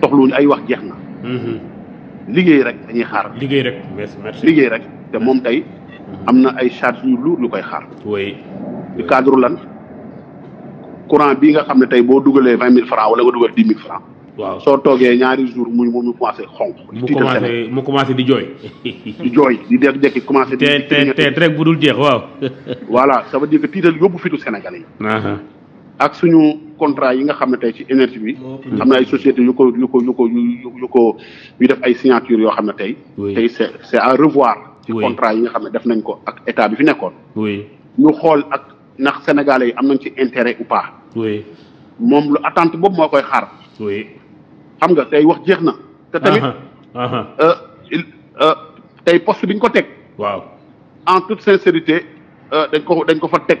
toxluwuñu ay wax jeex na. Mm-hmm. liggéey rek dañuy xaar. liggéey rek merci liggéey rek te moom tey mm-hmm. am na ay charge yu lu lu koy xaar. oui ci lan courant bi nga xam ne tey boo dugalee vingt mille franc wala nga dugal waaw soo toogee ñaari jour mu moom mu commencé xonk. mu commencé mu commencé di jooy. di jooy di jékki-jékki commencé. di te te te rek bu dul jeex waaw. voilà ça veut dire que tiital yóbbu fitu Sénégalais yi. ak suñu contrat yi nga xamné tay ci énergie bi. amna ay sociétés yu ko yu ko yu ko yu ko yu def ay signature yo xamné tay tay c'est à revoir. ci contrat yi nga xamné def nañ ko ak état bi fi oui ñu xol ak nax sénégalais yi am nañ ci intérêt ou pas. oui mom lu attente boobu mo koy xaar. xam nga tay wax jeexna te tamit euh euh tay poste biñ ko tek waaw en toute sincérité euh dañ ko dañ ko fa tek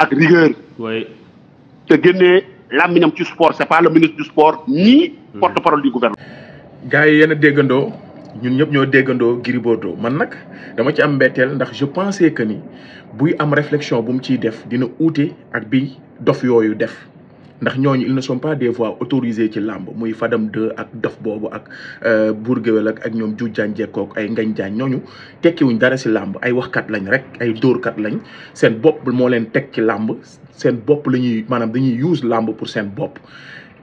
ak rigueur. oui te génnee làmmiñam ci sport c'est pas le ministre du sport ni hmm. porte-parole du gouvernement. gars yi yéen a déggandoo ñun ñëpp ñoo déggandoo Gris man nag dama ci am mbetteel ndax je pensais que ni buy am reflexion bu mu ciy def dina uute ak bi dof yooyu def. ndax ils ne sont pas des voix autorisées ci làmb muy Fadam 2 ak Daf boobu ak euh, Bourgéwel ak ak ñoom Dioudiagne Diekkoog ay Ngañ Diagne ñooñu tekkiwuñ dara si làmb ay kat lañ rek ay dóorkat lañ seen bopp molen leen teg ci làmb seen bopp la manam dañuy use làmb pour sen bop.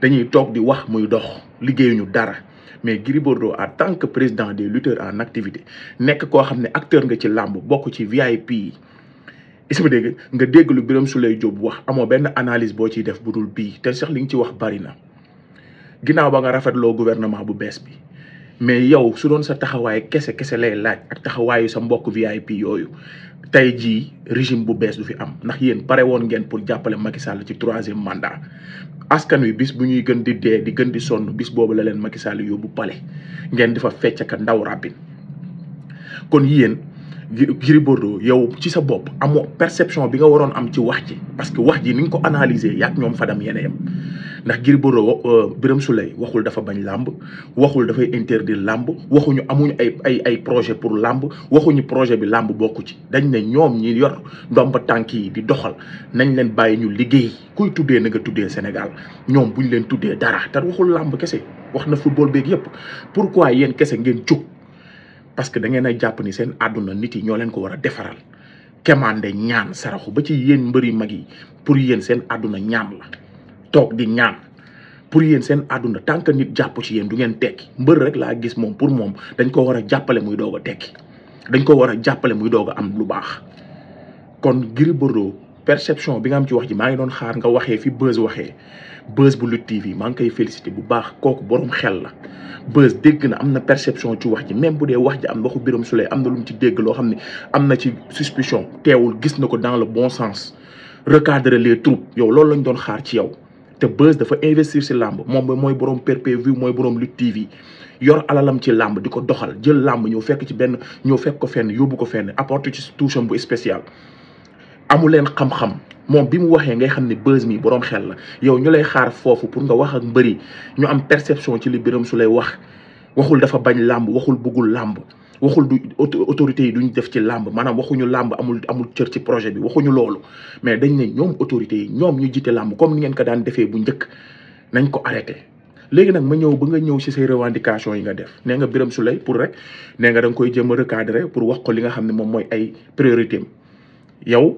dañuy tok di wax muy dox liggéeyuñu dara. mais Gris Bordeaux en tant que président des lutteurs en activité n'est que quoi acteur nga ci làmb bokk VIP isma dégg nga dégglu lu birom sulay job wax amo ben analyse bo ci def budul bi te sax li ngi ci wax bari na ginaaw ba nga lo gouvernement bu bes bi mais yow su doon sa taxaway kese kese lay laaj ak taxawaayu sa mbok vip yoyu tay ji régime bu bes du fi am Nak yeen pare won ngeen pour jappalé Macky Sall ci 3e mandat askan wi bis bu ñuy gën di dé di gën di sonn bis bobu la leen Macky Sall yobu pale ngeen di fa fecc ndaw kon yeen Gris Bordeaux yow ci sa bopp amoo perception bi nga waroon am ci wax ji parce que wax ji ni nga ko analyser yaak ñoom Fadam yene yam ndax Gris Bordeaux euh, Birame Souleye waxul dafa bañ làmb waxul dafay interdire làmb waxuñu amuñu ay ay ay projet pour làmb waxuñu projet bi làmb bokku ci dañ ne ñoom ñi yor ndomba tànk yi di doxal nañ leen bàyyi ñu liggéey kuy tuddee na nga tuddee Sénégal ñoom buñ leen tuddee dara te waxul làmb kese wax na football beeg yëpp pourquoi yéen kese ngeen jóg parce que dangeen a jàpp ni seen àdduna nit yi ñoo leen ko war a defaral kemaande ñaan saraxu ba ci yéen mbëri mag yi pour yéen seen àdduna ñaan la toog di ñaan pour yéen seen àdduna tant que nit jàpp ci yéen du ngeen tekki mbër rek laa gis moom pour moom dañ koo war a jàppale muy doog a tekki dañ ko war a jàppale muy doog a am lu baax kon Gris perception bi nga am ci wax ji maa ngi doon xaar nga waxee fi buzz, bu Lutte TV ngi koy félicité bu baax kooku borom xel la buzz am perception ci wax ji même bu dee wax ji am waxu Birame am lu mu ci ne suspicion teewul gis dans le bon sens recadrer les troupes yow loolu lañ doon xaar ci yow te buzz dafa investir si lamb moom mooy borom pay view mooy borom Lutte TV yor alalam ci lamb, di ko doxal jël lamb ñëw fekk ci benn ñëw fekk ko fenn yóbbu ko fenn ci amul leen xam-xam moom bi mu waxee ngay xam ne bës mi boroom xel la yow ñu lay xaar foofu pour nga wax ak mbëri ñu am perception ci li Birame Souleye wax waxul dafa bañ làmb waxul bëggul làmb waxul du autorités yi du ñu def ci làmb maanaam waxuñu làmb amul amul cër ci projet bi waxuñu loolu mais dañ ne ñoom autorités yi ñoom ñu jiite làmb comme ni ngeen ko daan defee bu njëkk nañ ko arrêté léegi nag ma ñëw ba nga ñëw ci say revendication yi nga def nee nga Birame Souleye pour rek nee nga da koy jéem a recadrer pour wax ko li nga xam ne moom mooy ay priorité am yow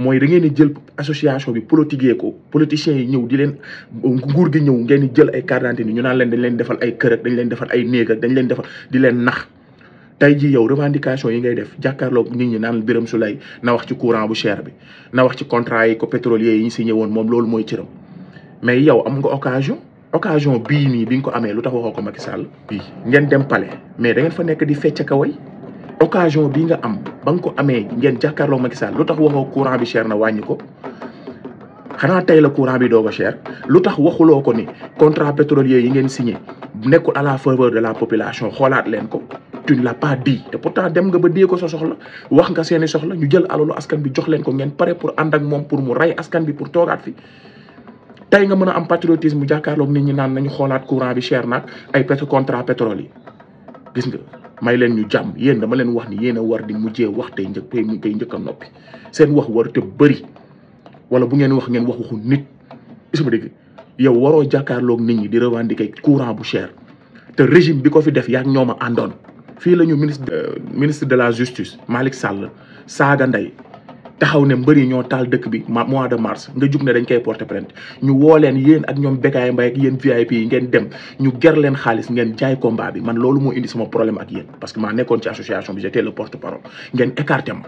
mooy da ngeen di jël association bi politiquer ko politiciens yi ñëw di leen nguur gi ñëw ngeen di jël ay carte d'identité ni ñu naan leen dañ leen defal ay kër dañ leen defal ay néeg dañ leen defal di leen nax tey ji yow revendication yi ngay def jàkkaarloog nit ñi naan biram Souleye na wax ci courant bu cher bi na wax ci contrat yi ko pétrolier yi ñu signé woon moom loolu mooy cëram mais yow am nga occasion occasion bii nii bi nga ko amee lu tax waxoo ko Macky Sall ngeen dem palais mais da ngeen fa nekk di fecc ka way occasion bi nga am banko ame ko amé ngeen jakarlo Macky Sall lutax waxo courant bi cher na wañu ko xana tay la courant bi dogo cher lutax tax ko ni contrat pétrolier yi ngeen signé nekul à la faveur de la population xoolaat leen ko tu ne l'as pas dit et pourtant dem nga ba dié ko so soxla wax nga seeni soxla ñu jël alolu askan bi jox leen ko ngeen pare pour and ak mom pour mu ray askan bi pour togaat fi tay nga mëna am patriotisme jakarlo nit ñi naan nañu xoolaat courant bi cher nak ay pétrole contrat pétrole gis nga may leen ñu jàmm yéen dama leen wax ni yéen a war di mujjee wax tey një tey tey njëkk a noppi seen wax war te bëri wala bu ngeen wax ngeen wax waxu nit is ma dégg yow waroo jàkkaarloog nit ñi di revendiquer courant bu cher te régime bi ko fi def yaa ñoom a àndoon fii la ñu ministre euh, ministre de la justice Malick Sall saaga ndey taxaw ne mbeuri ñoo taal dekk bi mois de mars nga juk ne dañ koy porter plainte ñu wo len yeen ak ñom Bécaye mbay ak yeen VIP yi ngeen dem ñu ger len xaalis ngeen jaay combat bi man loolu mo indi sama problème ak yeen parce que ma nekkon ci association bi j'étais le porte parole ngeen écarter ma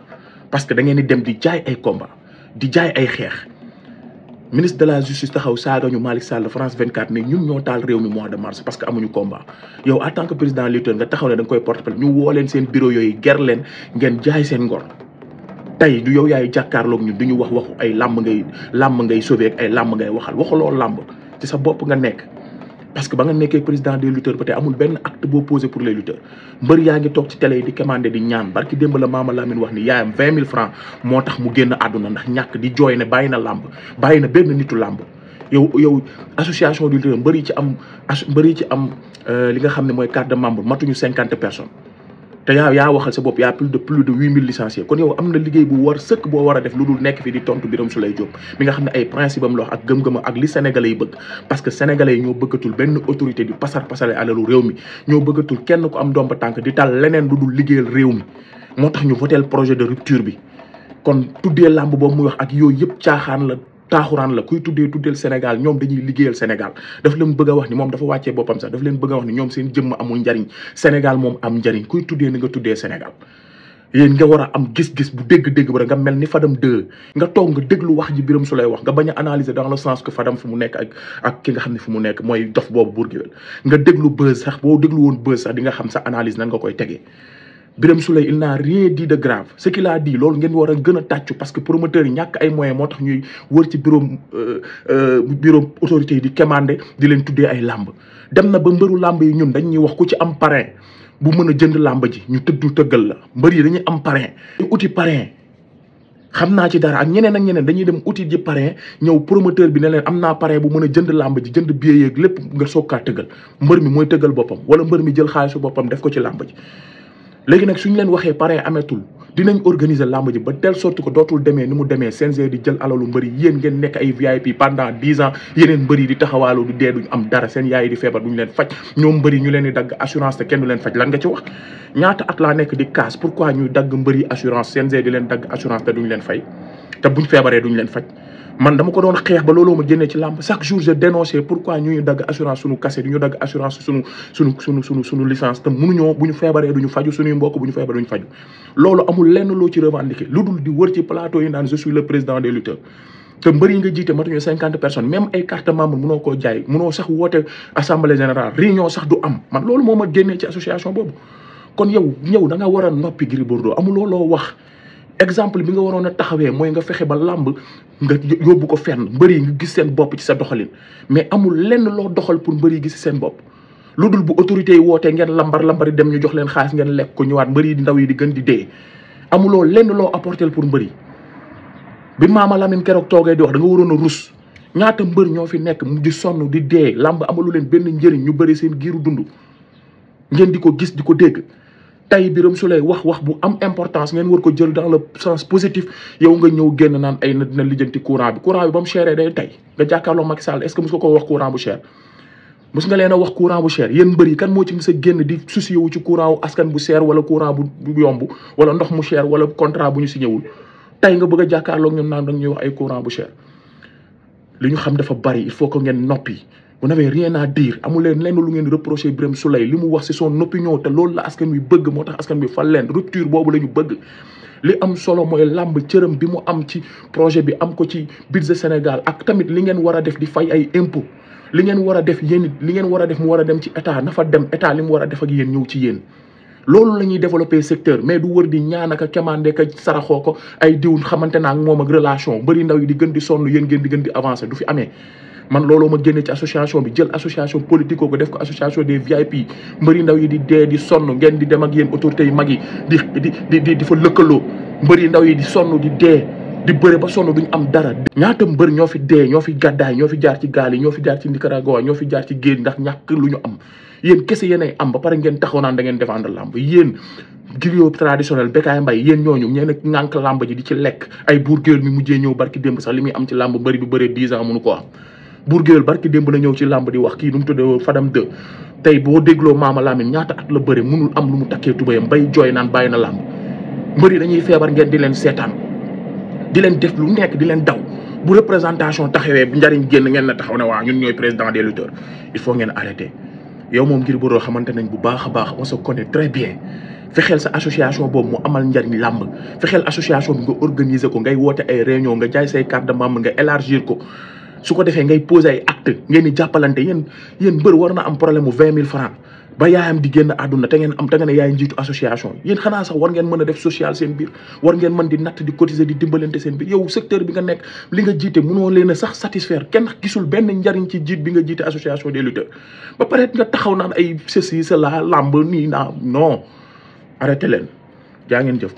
parce que da ngeen di dem di jaay ay combat di jaay ay xex ministre de la justice taxaw saga ñu malik Sall France 24 ne ñun ñoo taal rew mi mois de mars parce que amuñu combat yow en tant que président lutteur nga taxaw ne dang koy porter plainte ñu wo len seen bureau yoy ger len ngeen jaay seen ngor tey du yow yaay jàkkaarloog ñun du ñu wax waxu ay làmb ngay làmb ngay sauver ay làmb ngay waxal waxaloo làmb ci sa bopp nga nekk. parce que ba nga nekkee président des lutteurs ba tey amul benn acte boo posé pour les lutteurs mbër yaa ngi toog ci télé yi di commandé di ñaan barki démb la maama Lamine wax ni yaayam vingt mille francs moo tax mu génn àdduna ndax ñàkk di jooy ne bàyyi na làmb bàyyi na benn nitu làmb. yow yow association des lutteurs ci am as mbër ci am euh, li xam ne mooy carte de membre matuñu cinquante personnes. te yaa yaa waxal sa bopp yaa plus de plus de huit mille licenciés kon yow am na liggéey bu war sëkk boo war a def lu dul nekk fi di tontu Birame Souleye Diop mi nga xam ne ay principe am ak gëm-gëm ak li sénégalais yi bëgg parce que sénégalais yi ñoo bëggatul benn autorité di pasar pasare alalu réew mi ñoo bëggatul kenn ku am domba tànk di tal leneen lu dul liggéeyal réew mi moo tax ñu votel projet de rupture bi kon tuddee làmb boobu muy wax ak yooyu yëpp caaxaan la taaxuraan la kuy tuddee tuddeel Sénégal ñoom dañuy liggéeyal Sénégal daf leen bëgg wax ni moom dafa wàccee boppam sax daf leen bëgg a wax ni ñoom seen jëmm amul njariñ Sénégal moom am njariñ kuy tuddee ni nga tuddee Sénégal yéen nga war a am gis-gis bu dégg-dégg ba nga mel ni Fadam 2 nga toog nga déglu wax ji biram su lay wax nga bañ a analyser dans le sens que Fadam fu mu nekk ak ak nga xam ne fu mu nekk mooy dof boobu buur gi nga déglu bës sax boo déglu woon sax di nga xam sa analyse nan nga koy tegee Birame Souleye il n'a rien dit de grave ce qu'il a dit loolu ngeen war a gën a tàccu parce que promoteurs yi ñàkk ay moyens moo tax ñuy wër ci bureau euh, euh, bureau autorité di commandé di leen tuddee ay làmb dem na ba mbëru làmb yi ñun dañ ñuy wax ko ci am parrain bu mën a jënd làmb ji ñu tëddu tëggal la mbër yi dañuy am parrain uti parrain xam naa ci dara ak ñeneen ak ñeneen dañuy dem outil ji parrain ñëw promoteur bi ne leen am naa parrain bu mën a jënd làmb ji jënd billet yeeg lépp nga soog kaa tëggal mbër mi mooy tëggal boppam wala mbër mi jël xaalisu boppam def ko ci làmb ji léegi nag suñu leen waxee pare ametul dinañ organiser làmb ji ba telle sorte que dootul demee ni mu demee CNG di jël alalu mbëri yéen ngeen nekk ay VIP pendant dix ans yeneen mbëri di taxawaalu du dee duñ am dara seen yaay di feebar duñ leen faj ñoom mbëri ñu leen di dagg assurance te kenn du leen faj lan nga ci wax. ñaata at laa nekk di kaas pourquoi ñuy dagg mbëri assurance CNG di leen dagg assurance te duñ leen fay te buñ feebaree duñ leen faj. man dama ko doon xex ba lolo ma génnee ci lamb chaque jour je dénoncer pourquoi ñu dag assurance suñu kase ñu dag assurance suñu suñu suñu suñu suñu licence te mënuñoo bu ñu feebaree duñu faju suñu mbokk buñu ñu duñu faju lolo amul lenn lo ci revendiquer lu di wër ci plateau yi naan je suis le président des lutteurs te mbëri yi nga jiite matuñu cinquante personnes même ay carte membre mëno ko jaay mëno sax woté assemblée générale réunion sax du am man lolo moo ma génnee ci association bobu kon yow ñew da nga war a noppi amul lolo wax exemple bi nga warona taxawé moy nga fexé ba lamb nga yobou ko fenn mbeuri nga gis sen bop ci sa doxalin mais amul lenn lo doxal pour mbeuri gis sen bop lu bu autorité yi ngeen lambar lambari dem ñu jox leen xaas ngeen lek ko ñëwaat mbëri ndaw yi di gën di dee amuloo lenn lo apporter pour mbeuri bi maama Lamine kérok toogee di wax da nga warona rus ñaata mbeur ño fi nek mu di sonu di dé lamb amalu leen benn njëriñ ñu bëri seen giiru dundu ngeen diko gis diko dégg Tay birum soulay wax wax bu am importance ngeen war ko jël dans le sens positif yow nga ñew genn naan ay na dina lijjanti courant bi courant bi bam mu chéré day tay nga jàkkaarloo Macky Sall est-ce que mos ko wax courant bu cher mus nga leena wax courant bu cher yeen bari kan mo ci mos genn di souci wu ci courant askan bu cher wala courant bu yomb wala ndox mu cher wala contrat bu ñu signé wul tey nga bëgg a jàkkaarloo ñoom naan da ñuy wax ay courant bu cher liñu xam dafa bari il faut ko ngeen noppi vous n'avez rien à dire à leen lenn lu reprocher reproché Soleil, Souleye li c'est wax ci son opinion te loolu la askan wi bëgg moo tax askan rupture boobu la ñu bëgg li am solo moy lamb cëram bi mu am ci projet bi am ko ci Sénégal ak tamit li ngeen wara def di fay ay impôt li ngeen wara def yéen li ngeen wara def mu wara dem ci état na dem état wara def ak ñëw ci loolu lañuy développer secteur mais du wër di ñaan ak a ka saraxoo ko ay diwul xamantena ak mom ak relation bari ndaw yi di gën di sonu gën di gën di avancer du fi amé man looloo ma génne ci association bi jël association politico ko def ko association des VIP mbëri ndaw yi di dee di sonn ngeen di dem ak yéen autorités yu mag yi di di di di di fa lëkkaloo mbëri ndaw yi di sonn di dee di bëre ba sonn duñ am dara. ñaata mbër ñoo fi dee ñoo fi gàddaay ñoo fi jaar ci gaal yi ñoo fi jaar ci Nicaragua ñoo fi jaar ci géej ndax ñàkk lu ñu am yéen kese yéen ay am ba pare ngeen taxaw naan da ngeen défendre làmb yéen. griot traditionnel Bécaye Mbaye yéen ñooñu ñee nag ngànk làmb ji di ci lekk ay burgeel mi mujjee ñëw barki démb sax li muy am ci làmb bëri du bëree dix ans mënu ko buur géwél barki démb na ñëw ci làmb di wax kii nu mu tuddee Fadam 2 tey boo dégloo Maama Lamine ñaata at la bëri munul am lu mu takkee tubayam bay jooy naan bàyyi na làmb mbëri dañuy feebar ngeen di leen seetaan di leen def lu nekk di leen daw bu représentation taxawee bu njariñ génn ngeen na taxaw ne waa ñun ñooy président des lutteurs il faut ngeen arrêter yow moom ngir boroo xamante nañ bu baax a baax on se connaît très bien fexeel sa association boobu mu amal njariñ làmb fexeel association bi nga organiser ko ngay woote ay réunion nga jaay say carte de nga élargir ko su ko defee ngay poser ay acte ngeen di jàppalante yéen yéen mbër war na am problème mu vingt mille francs ba yaayam di génn àdduna te ngeen am te ngeen ne yaay association yéen xanaa sax war ngeen mën a def social seen biir war ngeen mën di natt di cotiser di dimbalante seen biir yow secteur bi nga nekk li nga jiite mënoo leen a sax satisfaire kenn gisul benn njariñ ci jiit bi nga jiite association des lutteurs ba pare nga taxaw naan ay ceci cela làmb nii naa non arrêté leen jaa ngeen jëf